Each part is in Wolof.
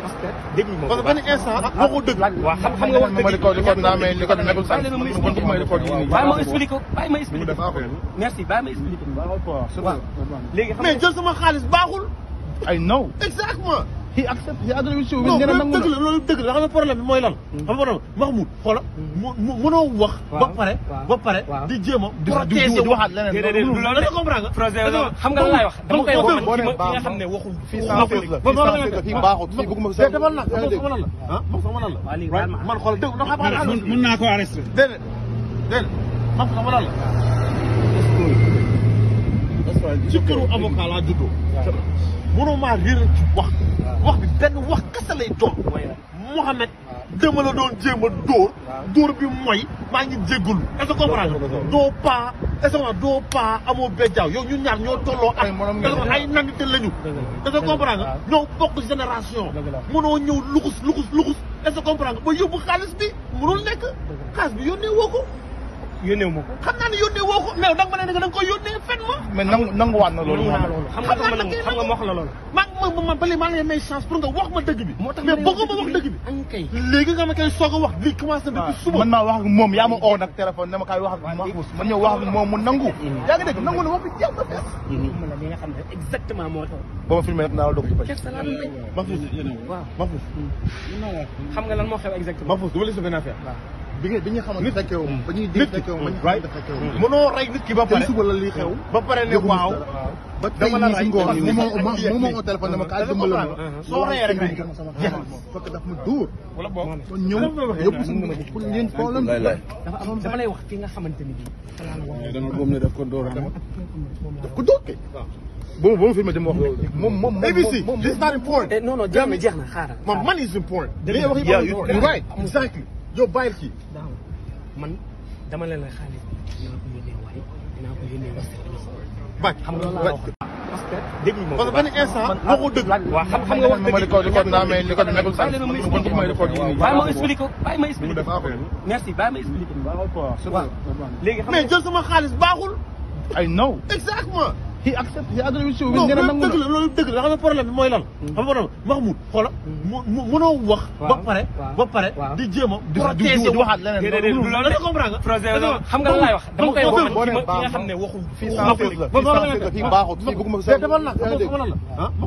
parce que déglu ma parce que benn instant waxu dëgg waaw xam xam nga wax dëgg li ko nekkul sax bàyyi ma expliqué ko bàyyi ma expliqué merci bàyyi ma expliqué waaw léegi mais jël sama xaalis baaxul ay naw exactement he accepte he agree with you. non loolu dëgg la loolu dëgg la xam nga problème bi mooy lan. xam nga problème Mahmoud xoola mu mënoo wax. ba pare ba pare di jéem a. protéger waxaat leneen loolu la comprendre nga. xam nga lan laay wax dama koy wax man ki nga xam ne waxul. fii sans cesse la fii sans cesse la fii baaxut fii bëgguma sa. dama la dama la ah sama nan la. man xoola dégg nga xam nga. mën naa ko arrêté. déedéet déedéet xam nga sama nan la. ci këru avocat laa juddoo. mënoo maa réeral ci wax. wax bi benn wax kese lay doon. Mohamed dama la doon jéem a dóor. dóor bi mooy maa ngi jégalu. est-ce que doo paa est-ce que doo paa amoo bejjaaw yow ñu ñaar ñoo tolloo ak. ay nandite lañu. est-ce que comprendre ñoo bokk génération. mënoo ñëw luxus luxus luxus. est-ce ba yóbbu xaalis bi mënul nekk. xaalis bi yónnee woo ko. yónnee wu ma ko xam mais da nga ma ne da nga koy yónnee fen ma. mais nangu nanguwaat na loolu. xam nga ma nangu xam nga ma wax la loolu. maa ngi ma man ba léegi maa ngi lay may chance pour nga wax ma dëgg bi. moo tax mais bëgguma wax dëgg bi. léegi nga ma koy soog a wax lii commencé na depuis ah. suba. man maa wax ak moom yaa ma oo nag téléphone ne ma kaay wax ak Mahfouz ma ñëw wax ak moom mu nangu. yaa ngi dégg nangu na wax bi jeex na fees. li nga xam ne exactement moo tax. ba ma filmé rek naa la doog ci fay. Mahfouz Mahfouz. xam nga lan moo xew exactement. Mahfouz du ma la gis benn affaire bi nga bi nga xamante fekkee wu ba ñuy di fekkee wu ba ñu fekkee wu mënoo rey nit ki ba pare suba la lii xew ba pare ne waaw ba tey nii si ngoon yi moom moo téléphone dama kaa dimbali ma soo reyee rek rek fekk daf ma dóor wala boo kon ñëw yóbbu suñu pour ngeen problème dafa amoon dama lay wax ki nga xamante ni bi dama gëm ne daf ko dóor daf ko dóor kay bon bon film dama wax loolu moom moom ABC this is not important eh, non non jeex na jeex na xaaral man man is important li wax yi right exactly Diop bàyyil kii. man dama leen la xaalis dinaa ko yónnee waaye dinaa ko yónnee waaye. xam nga loolu laa wax parce que déglu ma parce que benn instant boo ko dëgg. waaw xam nga wax dëgg bàyyi ma expliqué ko bàyyi ma expliqué ko merci bàyyi ma expliqué ko. waaw léegi xam nga mais jël sama xaalis baaxul. ay naw exactement. he accept he agree with you. non dëgg la loolu dëgg la xam nga problème bi mooy lan. xam nga problème Mahmoud xoola mu mënoo wax. ba pare ba pare. di jéem a. protéger di waxaat leneen loolu la comprendre nga. xam nga lan laay wax dama koy wax man ki nga xam ne waxul. fii sans faute la fii sans faute la fii baaxul fii bëgguma ko. dégg nga man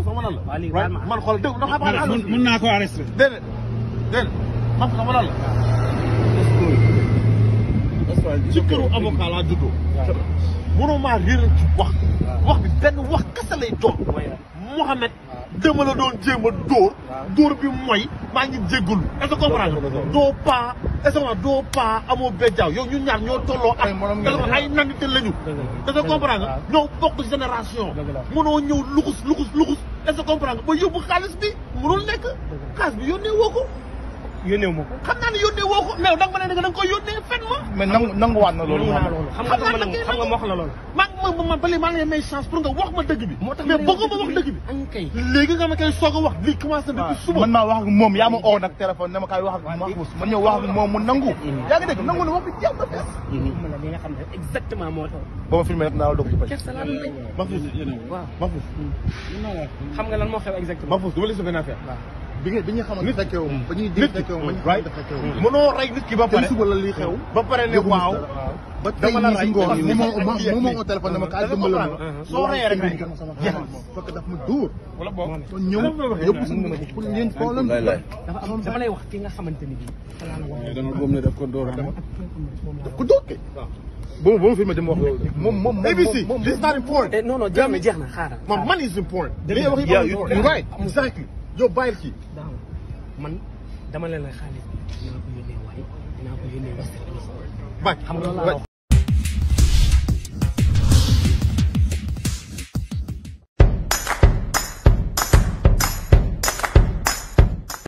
xamal lan la. man xool dégg nga xam nga. mën naa ko arrêter. déedéet déedéet man xamal lan la. ci këru avocat laa juddoo. mënoo maa réeral ci wax bi benn wax kese lay doon Mouhamed dama la doon jéem a dóor dóor bi mooy maa ngi jéggul est-ce que comprendre doo paa est-ce que doo paa amoo bejjaaw yow ñu ñaar ñoo tolloo ak ay nandite lañu est-ce que comprendre ñoo bokk génération mënoo ñëw luxus luxus luxus est-ce que comprendre ba yóbbu xaalis bi mënul nekk xaalis bi yónnee woo ko yónnee wu ma ko. xam naa ne yónnee woo ko mais da nga ma ne da nga koy yónnee fen ma. mais nangu nanguwaat na loolu. xam nga man xam nga ma wax la loolu. maa ngi ma man ba léegi maa ngi lay may chance pour nga wax ma dëgg bi. moo tax mais bëgg ma wax dëgg bi. kay léegi nga ma koy soog a wax lii commencé depuis suba. man maa wax ak moom yaa ma oo nag téléphone ne ma kaay wax ak Mahfouz ma ñëw wax ak moom mu nangu. yaa ngi dégg nangu na wax bi jeex na fees. ma la li nga xam ne exactement moo tax. ba ma filmé rek naa la dog ci pàcc. Mahfouz Mahfouz. xam nga lan moo xew exactement. Mahfouz dama la sa benn affaire bi nga bi nga xamante ne fekkee woon ba ñuy dégg fekkee woon ba ñu xamante ne fekkee woon mënoo rey nit ki ba pare suba la lii xew ba pare ne waaw ba tey jii si ngoon mu ma mu ma oo téléphone dama kaa dimbali ma soo reyee rek rek fekk daf ma dóor wala boog ñëw yóbbu suñu ma pour ngeen problème dafa amoon dama lay wax ki nga xamante ni bi dama gëm ne ah. daf ko dóor daf ko dóor kay bu ma filmé dama wax loolu moom moom ABC this is not important eh, non non jeex na jeex na xaaral man money is important yeah you're right exactly Diop bàyyil kii. man dama leen la xaalis dinaa ko yónnee waaye dinaa ko yónnee xam nga